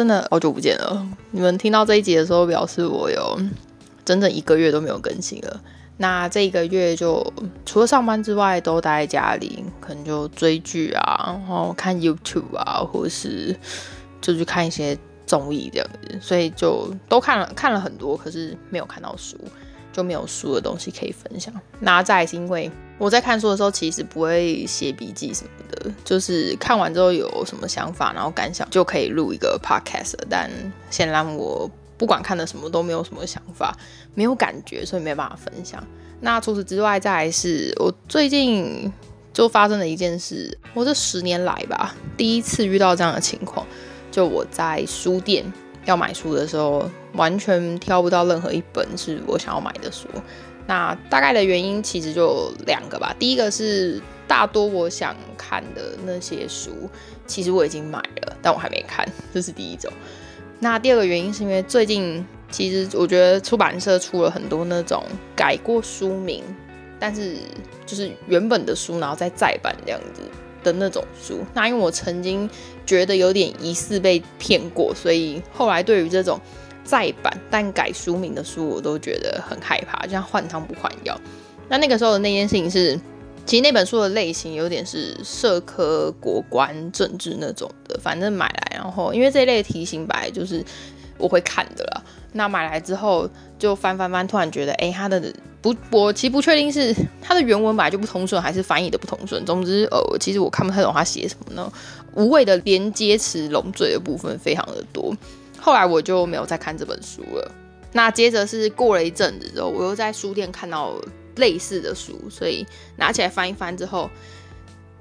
真的好久不見了！你們聽到這一集的時候，表示我有整整一個月都沒有更新了。那這一個月就除了上班之外，都待在家裡，可能就追劇啊，然後看 YouTube 啊，或是就去看一些綜藝這樣子。所以就都看了，看了很多，可是沒有看到書。就沒有書的東西可以分享。那再來是因為我在看書的時候，其實不會寫筆記什麼的，就是看完之後有什麼想法，然後感想就可以錄一個 podcast。但顯然我不管看的什麼都沒有什麼想法，沒有感覺，所以沒辦法分享。那除此之外，再來是我最近就發生了一件事，我這十年來吧，第一次遇到這樣的情況，就我在書店要買書的時候。完全挑不到任何一本是我想要買的書。那大概的原因其實就兩個吧。第一個是大多我想看的那些書，其實我已經買了，但我還沒看，這是第一種。那第二個原因是因為最近其實我覺得出版社出了很多那種改過書名，但是就是原本的書然後再再版這樣子的那種書。那因為我曾經覺得有點疑似被騙過，所以後來對於這種。再版但改書名的書，我都覺得很害怕，就像換湯不換藥。那那個時候的那件事情是，其實那本書的類型有點是社科、國關、政治那種的。反正買來，然後因為這一類的題型本來就是我會看的了。那買來之後就翻翻翻，突然覺得，哎、欸，他的不，我其實不確定是他的原文本來就不通順，還是翻譯的不通順。總之，呃、哦，其實我看不太懂他寫什麼呢。無謂的連接詞、冗贅的部分非常的多。後來我就沒有再看這本書了。那接着是過了一陣子之後，我又在書店看到類似的書，所以拿起來翻一翻之後，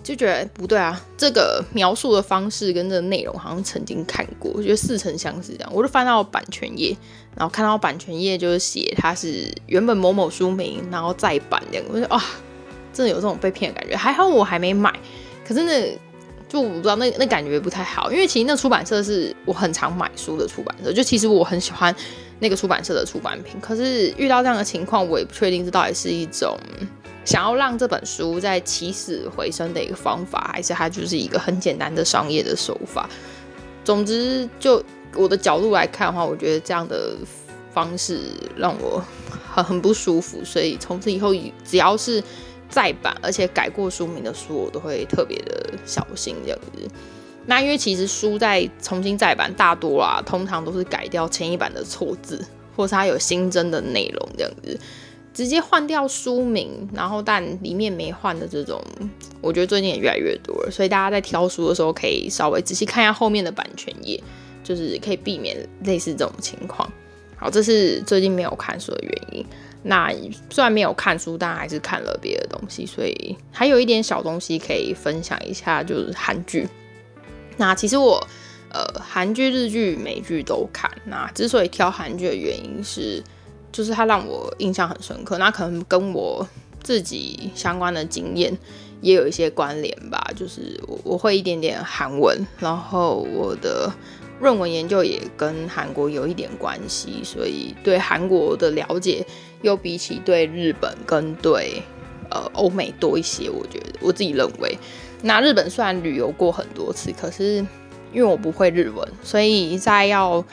就覺得不對啊，這個描述的方式跟這個內容好像曾經看過，我覺得似曾相識這樣。我就翻到版權頁，然後看到版權頁就是寫它是原本某某書名，然後再版這樣，我就啊、哦，真的有這種被騙的感覺。還好我還沒買，可是呢。就我不知道那，那感覺不太好，因為其實那出版社是我很常買書的出版社，就其實我很喜歡那個出版社的出版品。可是遇到這樣的情況，我也不確定這到底是一種想要讓這本書再起死回生的一個方法，還是它就是一個很簡單的商業的手法。總之，就我的角度來看的話，我覺得這樣的方式讓我很、很不舒服，所以從此以後只要是。再版，而且改過書名的書，我都會特別的小心這樣子。那因為其實書在重新再版，大多啊，通常都是改掉前一版的錯字，或是它有新增的內容這樣子，直接換掉書名，然後但裡面沒換的這種，我覺得最近也越來越多了。所以大家在挑書的時候，可以稍微仔細看一下後面的版權頁，就是可以避免類似這種情況。好，這是最近沒有看書的原因。那雖然沒有看書，但還是看了別的東西，所以還有一點小東西可以分享一下，就是韓劇。那其實我呃，韓劇、日劇、美劇都看。那之所以挑韓劇的原因是，就是它讓我印象很深刻。那可能跟我自己相關的經驗也有一些關聯吧，就是我，我會一點點韓文，然後我的。論文研究也跟韓國有一點關係，所以對韓國的了解又比起對日本跟對呃歐美多一些。我覺得我自己認為，那日本雖然旅遊過很多次，可是因為我不會日文，所以在要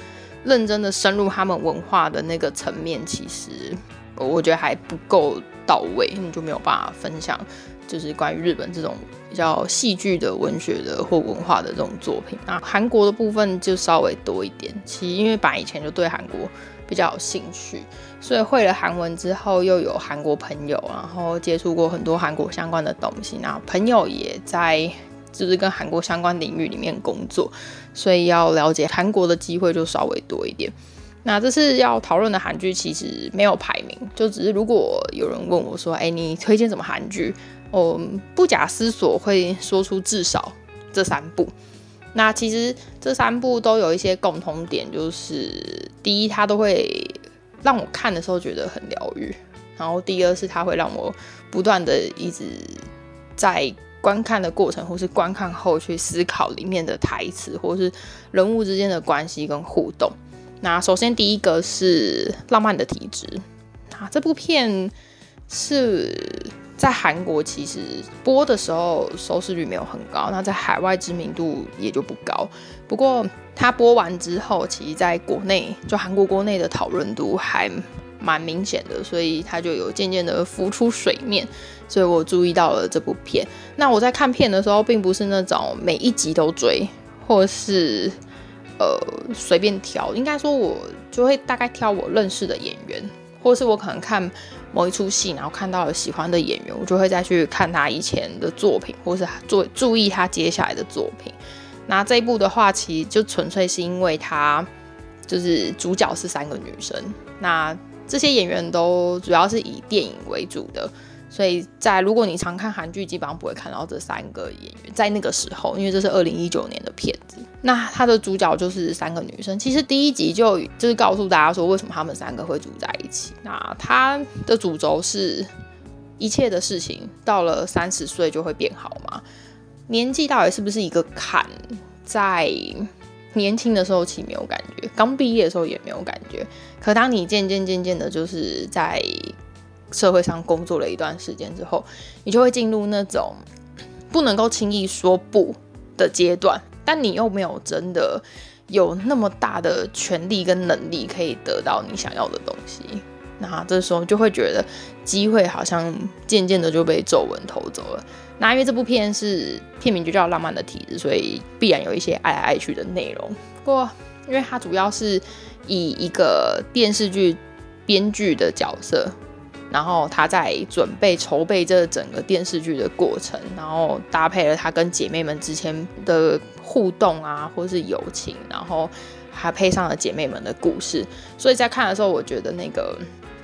認真的深入他們文化的那個層面，其實我覺得還不夠到位，你就沒有辦法分享，就是關於日本這種。比較戲劇的、文學的或文化的這種作品，那韓國的部分就稍微多一點。其實因為本來以前就對韓國比較有興趣，所以會了韓文之後，又有韓國朋友，然後接觸過很多韓國相關的東西。那朋友也在就是跟韓國相關領域裡面工作，所以要了解韓國的機會就稍微多一點。那這次要討論的韓劇其實沒有排名，就只是如果有人問我說：“誒、欸，你推薦什麼韓劇？”我不假思索會說出至少這三部。那其實這三部都有一些共同點，就是第一，它都會讓我看的時候覺得很療癒；然後第二是它會讓我不斷的一直在觀看的過程或是觀看後去思考裡面的台詞或是人物之間的關係跟互動。那首先第一個是《浪漫的體質》，那這部片是。在韓國其實播的時候收視率沒有很高，那在海外知名度也就不高。不過它播完之後，其實在國內就韓國國內的討論度還蠻明顯的，所以它就有漸漸的浮出水面。所以我注意到了這部片。那我在看片的時候，並不是那種每一集都追，或是呃隨便挑。應該說，我就會大概挑我認識的演員，或是我可能看。某一齣戲，然後看到了喜歡的演員，我就會再去看他以前的作品，或是做注意他接下來的作品。那這一部的話，其實就純粹是因為他就是主角是三個女生，那這些演員都主要是以電影為主的。所以在如果你常看韓劇，基本上不會看到這三個演員在那個時候，因為這是二零一九年的片子。那他的主角就是三個女生。其實第一集就就是告訴大家說，為什麼他們三個會住在一起。那他的主軸是一切的事情到了三十歲就會變好嗎？年紀到底是不是一個坎？在年輕的時候其實沒有感覺，剛畢業的時候也沒有感覺。可當你漸漸漸漸的，就是在社會上工作了一段時間之後，你就會進入那種不能夠輕易說不的階段，但你又沒有真的有那麼大的權力跟能力可以得到你想要的東西，那這時候就會覺得機會好像漸漸的就被皺紋偷走了。那因為這部片是片名就叫《浪漫的體質》，所以必然有一些愛來愛去的內容。不過，因為它主要是以一個電視劇編劇的角色。然後他在準備籌備這整個電視劇的過程，然後搭配了他跟姐妹們之前的互動啊，或是友情，然後還配上了姐妹們的故事。所以在看的時候，我覺得那個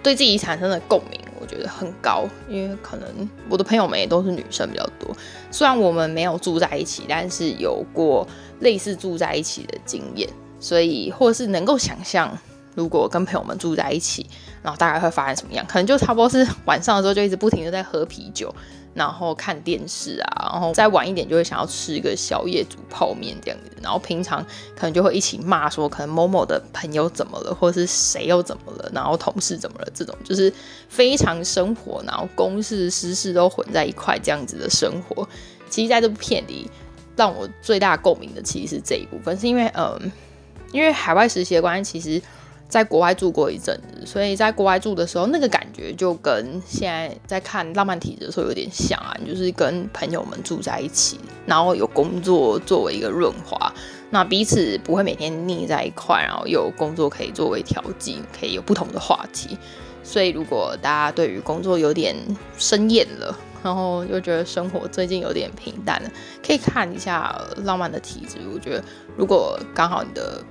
對自己產生的共鳴，我覺得很高。因為可能我的朋友們也都是女生比較多，雖然我們沒有住在一起，但是有過類似住在一起的經驗，所以或是能夠想象。如果跟朋友們住在一起，然後大概會發生什麼樣？可能就差不多是晚上的時候，就一直不停的在喝啤酒，然後看電視啊，然後再晚一點就會想要吃一個宵夜煮泡面這樣子。然後平常可能就會一起罵說，可能某某的朋友怎麼了，或是誰又怎麼了，然後同事怎麼了，這種就是非常生活，然後公事私事都混在一塊這樣子的生活。其實在這部片裡，讓我最大共鳴的其實是這一部分，是因為嗯，因為海外實習的關係，其實。在國外住過一陣子，所以在國外住的時候，那個感覺就跟現在在看浪漫體質的時候有點像啊。就是跟朋友們住在一起，然後有工作作為一個潤滑，那彼此不會每天膩在一塊，然後有工作可以作為調劑，可以有不同的話題。所以如果大家對於工作有點生厭了，然後又覺得生活最近有點平淡了，可以看一下浪漫的體質。我覺得如果剛好你的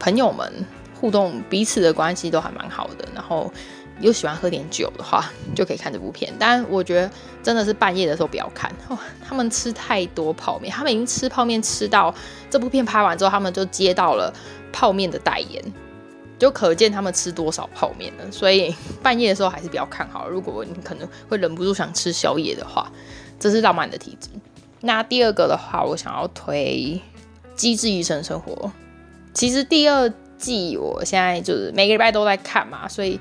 朋友們。互動彼此的關係都還蠻好的，然後又喜歡喝點酒的話，就可以看這部片。但我覺得真的是半夜的時候不要看。哦、他們吃太多泡麵，他們已經吃泡麵吃到這部片拍完之後，他們就接到了泡麵的代言，就可見他們吃多少泡麵了。所以半夜的時候還是不要看好。如果你可能會忍不住想吃宵夜的話，這是浪漫的體質。那第二個的話，我想要推《機智醫生生活》。其實第二。季我現在就是每個禮拜都在看嘛，所以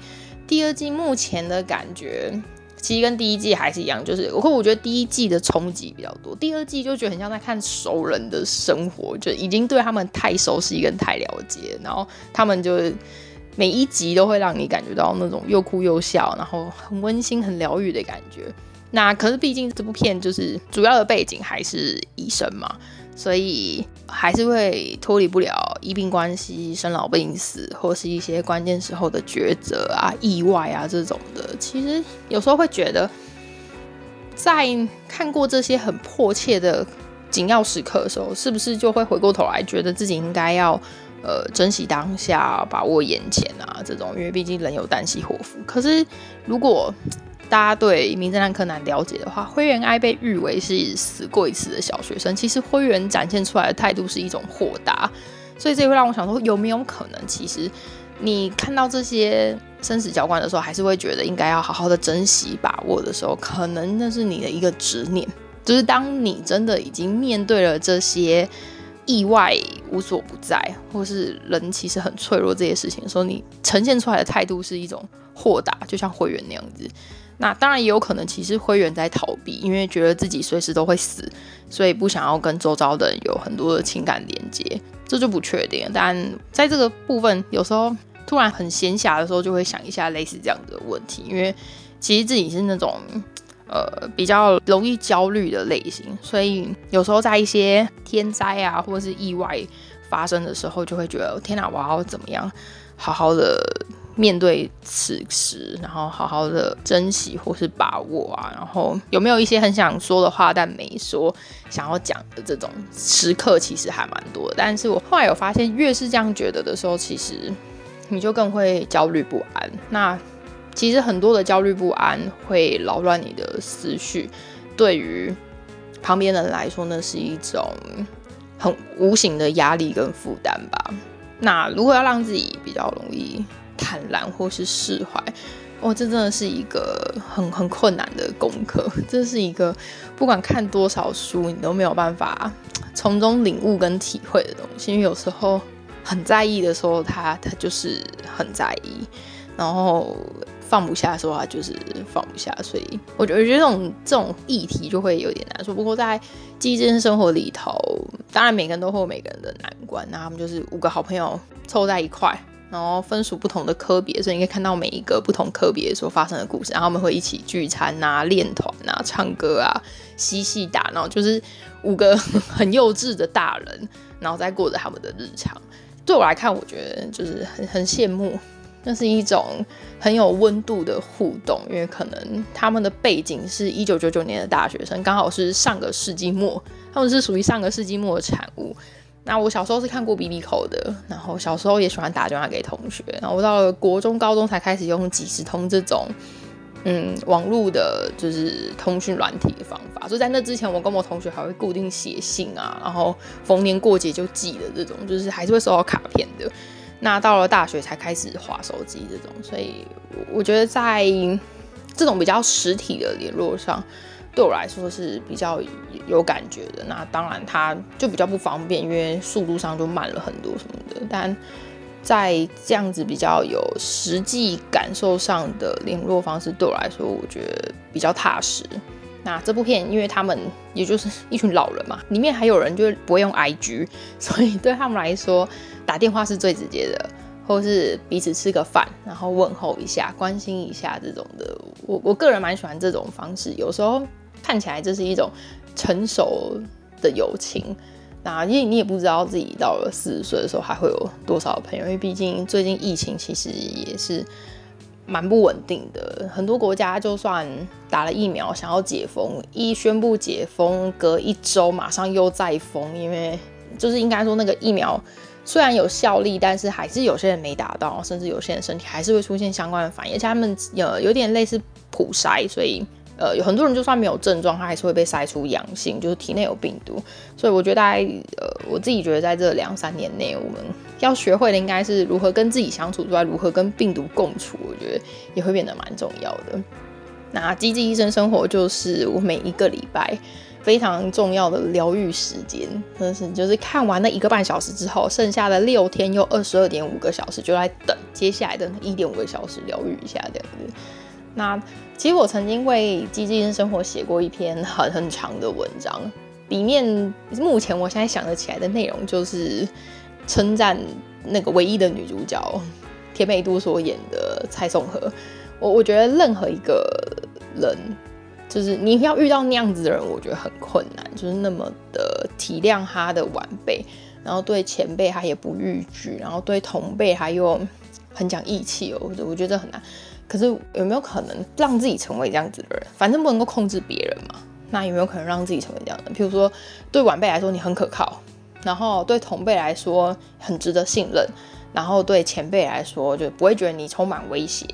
第二季目前的感覺其實跟第一季還是一樣，就是我會我覺得第一季的衝擊比較多，第二季就覺得很像在看熟人的生活，就已經對他們太熟悉跟太了解，然後他們就每一集都會讓你感覺到那種又哭又笑，然後很溫馨很療癒的感覺。那可是畢竟這部片就是主要的背景還是醫生嘛。所以還是會脫離不了醫病關係、生老病死，或是一些關鍵時候的抉擇啊、意外啊這種的。其實有時候會覺得，在看過這些很迫切的緊要時刻的時候，是不是就會回過頭來，覺得自己應該要呃珍惜當下、把握眼前啊這種？因為畢竟人有旦夕禍福。可是如果大家對名偵探柯南了解的話，灰原哀被譽為是死過一次的小學生。其實灰原展現出來的態度是一種豁達，所以這會讓我想說，有沒有可能，其實你看到這些生死交關的時候，還是會覺得應該要好好的珍惜、把握的時候，可能那是你的一個執念。就是當你真的已經面對了這些意外無所不在，或是人其實很脆弱這些事情的時候，你呈現出來的態度是一種豁達，就像灰原那樣子。那當然也有可能，其實會員在逃避，因為覺得自己隨時都會死，所以不想要跟周遭的人有很多的情感連接，這就不確定。但在這個部分，有時候突然很閒暇的時候，就會想一下類似這樣的問題，因為其實自己是那種，呃，比較容易焦慮的類型，所以有時候在一些天災啊或者是意外發生的時候，就會覺得天哪，我要怎麼樣好好的。面對此時，然後好好的珍惜或是把握啊，然後有沒有一些很想說的話但沒說，想要講的這種時刻，其實還蠻多的。但是我後來有發現，越是這樣覺得的時候，其實你就更會焦慮不安。那其實很多的焦慮不安會擾亂你的思緒，對於旁邊的人來說，那是一種很無形的壓力跟負擔吧。那如果要讓自己比較容易坦然或是釋懷，哦，這真的是一個很很困難的功課，這是一個不管看多少書你都沒有辦法從中領悟跟體會的東西，因為有時候很在意的時候，他他就是很在意，然後放不下的時候他就是放不下，所以我覺得我覺得這種這種議題就會有點難受。不過在《機智醫生生活》裡頭，當然每個人都會有每個人的難關，那他們就是五個好朋友湊在一塊。然後分屬不同的科別，所以你可以看到每一個不同科別所發生的故事。然後他們會一起聚餐啊、練團啊、唱歌啊、嬉戲打鬧，然後就是五個很幼稚的大人，然後在過着他們的日常。對我來看，我覺得就是很很羨慕，那是一種很有溫度的互動，因為可能他們的背景是一九九九年的大學生，剛好是上個世紀末，他們是屬於上個世紀末的產物。那我小時候是看過 BB Call 的，然後小時候也喜歡打電話給同學，然後我到了國中、高中才開始用即時通這種，嗯，網絡的，就是通訊軟體的方法。所以在那之前，我跟我同學還會固定寫信啊，然後逢年過節就寄的這種，就是還是會收到卡片的。那到了大學才開始滑手機這種，所以我覺得在這種比較實體的聯絡上。對我來說是比較有感覺的，那當然它就比較不方便，因為速度上就慢了很多什麼的。但在這樣子比較有實際感受上的聯絡方式，對我來說我覺得比較踏實。那這部片因為他們也就是一群老人嘛，裡面還有人就是不會用 IG，所以對他們來說打電話是最直接的，或是彼此吃個飯，然後問候一下、關心一下這種的。我我個人蠻喜歡這種方式，有時候。看起來這是一種成熟的友情啊。那因為你也不知道自己到了四十歲的時候還會有多少朋友，因為畢竟最近疫情其實也是蠻不穩定的，很多國家就算打了疫苗想要解封，一宣布解封，隔一周馬上又再封，因為就是應該說那個疫苗雖然有效力，但是還是有些人沒打到，甚至有些人身體還是會出現相關的反應，而且他們有有點類似普篩，所以。呃，有很多人就算沒有症狀，他還是會被篩出陽性，就是體內有病毒。所以我覺得，大概呃，我自己覺得在這兩三年內，我們要學會的應該是如何跟自己相處，之外如何跟病毒共處。我覺得也會變得蠻重要的。那機智醫生生活就是我每一個禮拜非常重要的療癒時間，但、就是就是看完那一個半小時之後，剩下的六天又二十二點五個小時就在等接下來等一點五個小時療癒一下這樣子。那其實我曾經為《機智生活》寫過一篇很很長的文章，裡面目前我現在想得起來的內容就是稱讚那個唯一的女主角田美都所演的蔡頌和。我我覺得，任何一個人，就是你要遇到那樣子的人，我覺得很困難，就是那麼的體諒他的晚輩，然後對前輩他也不逾矩，然後對同輩他又很講義氣、喔。我我覺得這很難。可是有沒有可能讓自己成為這樣子的人？反正不能夠控制別人嘛。那有沒有可能讓自己成為這樣的人？譬如說，對晚輩來說你很可靠，然後對同輩來說很值得信任，然後對前輩來說就不會覺得你充滿威脅，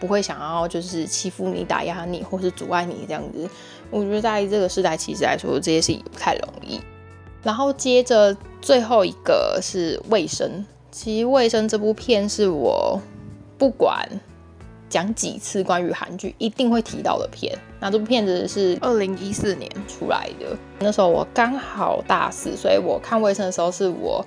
不會想要就是欺負你、打壓你或是阻礙你這樣子。我覺得在這個時代其實來說這些事也不太容易。然後接着最後一個是未生。其實未生這部片是我不管，講幾次關於韓劇一定會提到的片，那這部片子是二零一四年出來的。那時候我剛好大四，所以我看未生的時候是我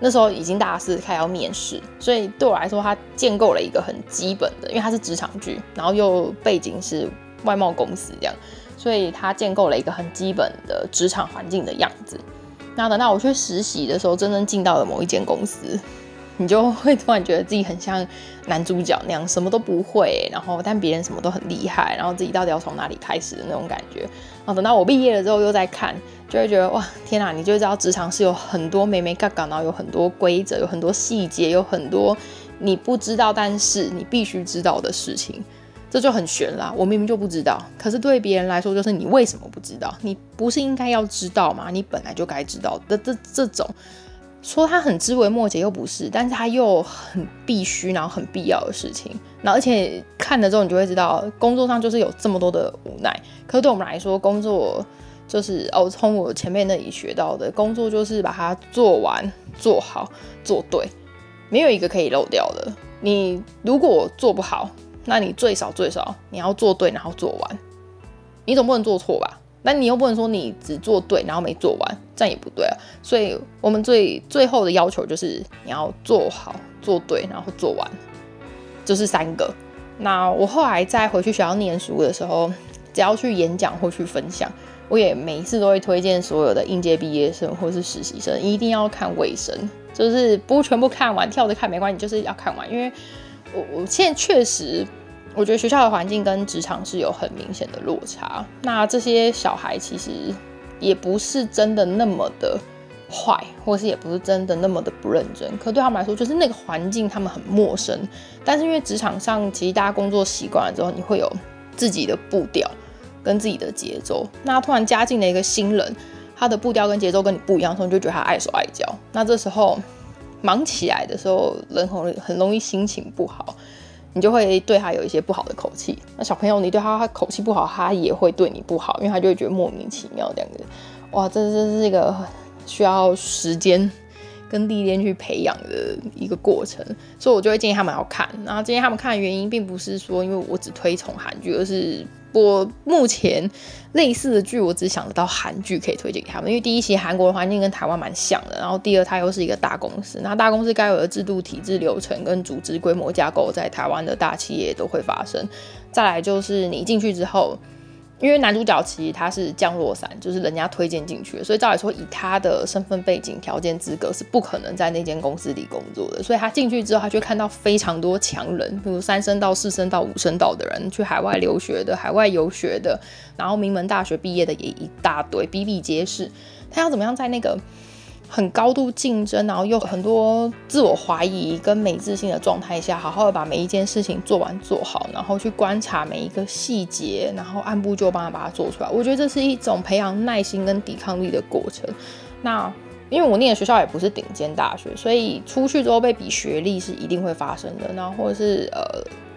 那時候已經大四，快要面試，所以對我來說，它建構了一個很基本的，因為它是職場劇，然後又背景是外貿公司這樣，所以它建構了一個很基本的職場環境的樣子。那等到我去實習的時候，真正進到了某一間公司。你就會突然覺得自己很像男主角那樣，什麼都不會，然後但別人什麼都很厲害，然後自己到底要從哪裡開始的那種感覺。然後等到我畢業了之後又再看，就會覺得哇天哪、啊！你就知道職場是有很多眉眉角角，然後有很多規則，有很多細節，有很多你不知道，但是你必須知道的事情，這就很懸了。我明明就不知道，可是對別人來說就是你為什麼不知道？你不是應該要知道嗎？你本來就該知道的這。這這種。說他很枝微末節，又不是，但是他又很必須，然後很必要的事情。然後而且看了之後，你就會知道，工作上就是有這麼多的無奈。可是對我們來說，工作就是哦，從我前面那裡學到的工作就是把它做完、做好、做對，沒有一個可以漏掉的。你如果做不好，那你最少最少你要做對，然後做完，你總不能做錯吧？那你又不能說你只做對，然後沒做完，這樣也不對啊。所以，我們最最後的要求就是你要做好、做對，然後做完，就是三個。那我後來再回去學校念書的時候，只要去演講或去分享，我也每一次都會推薦所有的應屆畢業生或是實習生一定要看未生，就是不全部看完，跳着看沒關係，就是要看完，因為我，我現在確實。我覺得學校的環境跟職場是有很明顯的落差。那這些小孩其實也不是真的那麼的壞，或是也不是真的那麼的不認真。可對他們來說，就是那個環境他們很陌生。但是因為職場上，其實大家工作習慣了之後，你會有自己的步調跟自己的節奏。那突然加進了一個新人，他的步調跟節奏跟你不一樣，所以你就覺得他礙手礙腳。那這時候忙起來的時候，人很很容易心情不好。你就會對他有一些不好的口氣，那小朋友你對他，他口氣不好，他也會對你不好，因為他就會覺得莫名其妙這樣子。哇，這這是一個需要時間跟歷練去培養的一個過程，所以我就會建議他們要看。然後建議他們看的原因，並不是說因為我只推崇韓劇，而是。我目前類似的劇，我只想得到韓劇可以推薦給他們，因為第一，韓國的環境跟台灣蠻像的；然後第二，它又是一個大公司，那大公司該有的制度、體制、流程跟組織規模架構，在台灣的大企業都會發生。再來就是你進去之後。因為男主角其實他是降落傘，就是人家推薦進去的，所以照理說以他的身份背景、條件資格是不可能在那間公司裡工作的。所以他進去之後，他就看到非常多強人，比如三聲道、四聲道、五聲道的人，去海外留學的、海外遊學的，然後名門大學畢業的也一大堆，比比皆是。他要怎麼樣在那個，很高度競爭，然後又很多自我懷疑跟沒自信的狀態下，好好的把每一件事情做完做好，然後去觀察每一個細節，然後按部就班的把它做出來。我覺得這是一種培養耐心跟抵抗力的過程。那因為我念的學校也不是頂尖大學，所以出去之後被比學歷是一定會發生的。然後或者是呃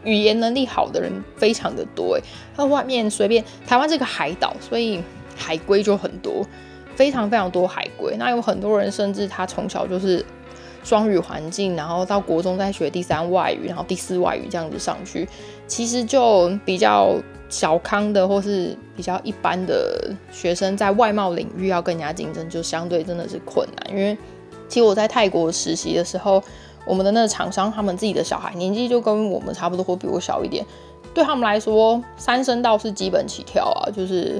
語言能力好的人非常的多，欸，那外面隨便台灣這個海島，所以海歸就很多。非常非常多海歸，那有很多人甚至他從小就是雙語環境，然後到國中再學第三外語，然後第四外語這樣子上去，其實就比較小康的或是比較一般的學生，在外貿領域要更加競爭，就相對真的是困難。因為其實我在泰國實習的時候，我們的那個廠商他們自己的小孩年紀就跟我們差不多，或比我小一點，對他們來說，三聲倒是基本起跳啊，就是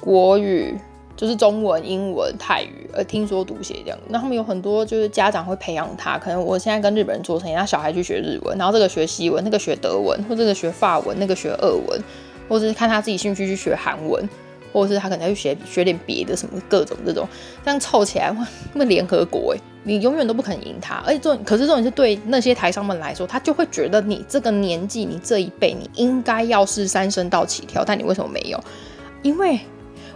國語。.就是中文、英文、泰語，呃，聽說讀寫這樣。那他們有很多，就是家長會培養他。可能我現在跟日本人做生意，那小孩去學日文，然後這個學西文，那個學德文，或這個學法文，那個學俄文，或者是看他自己興趣去學韓文，或者是他可能要去學學點別的什麼各種這種，這樣湊起來哇，那聯合國哎、欸，你永遠都不肯贏他。而且這可是重點是對那些台商們來說，他就會覺得你這個年紀，你這一輩，你應該要是三聲道起跳，但你為什麼沒有？因為。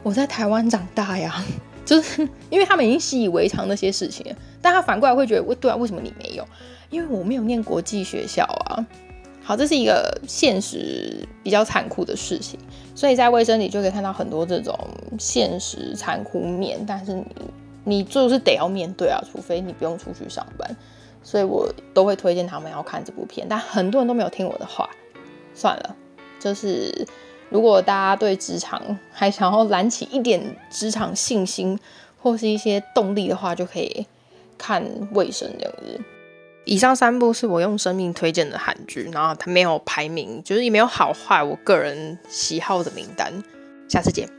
我在台灣長大呀，就是因為他們已經習以為常那些事情，但他反過來會覺得，欸，對啊，為什麼你沒有？因為我沒有念國際學校啊。好，這是一個現實比較殘酷的事情，所以在未生裡就可以看到很多這種現實殘酷面，但是你你就是得要面對啊，除非你不用出去上班。所以我都會推薦他們要看這部片，但很多人都沒有聽我的話，算了，就是。如果大家對職場還想要燃起一點職場信心或是一些動力的話，就可以看《未生》這樣子。以上三部是我用生命推薦的韓劇，然後它沒有排名，就是也沒有好壞，我個人喜好的名單。下次見。